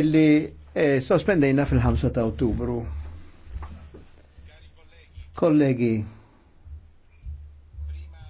illi eh, sospendejna fil-5 ta' ottubru. Kollegi,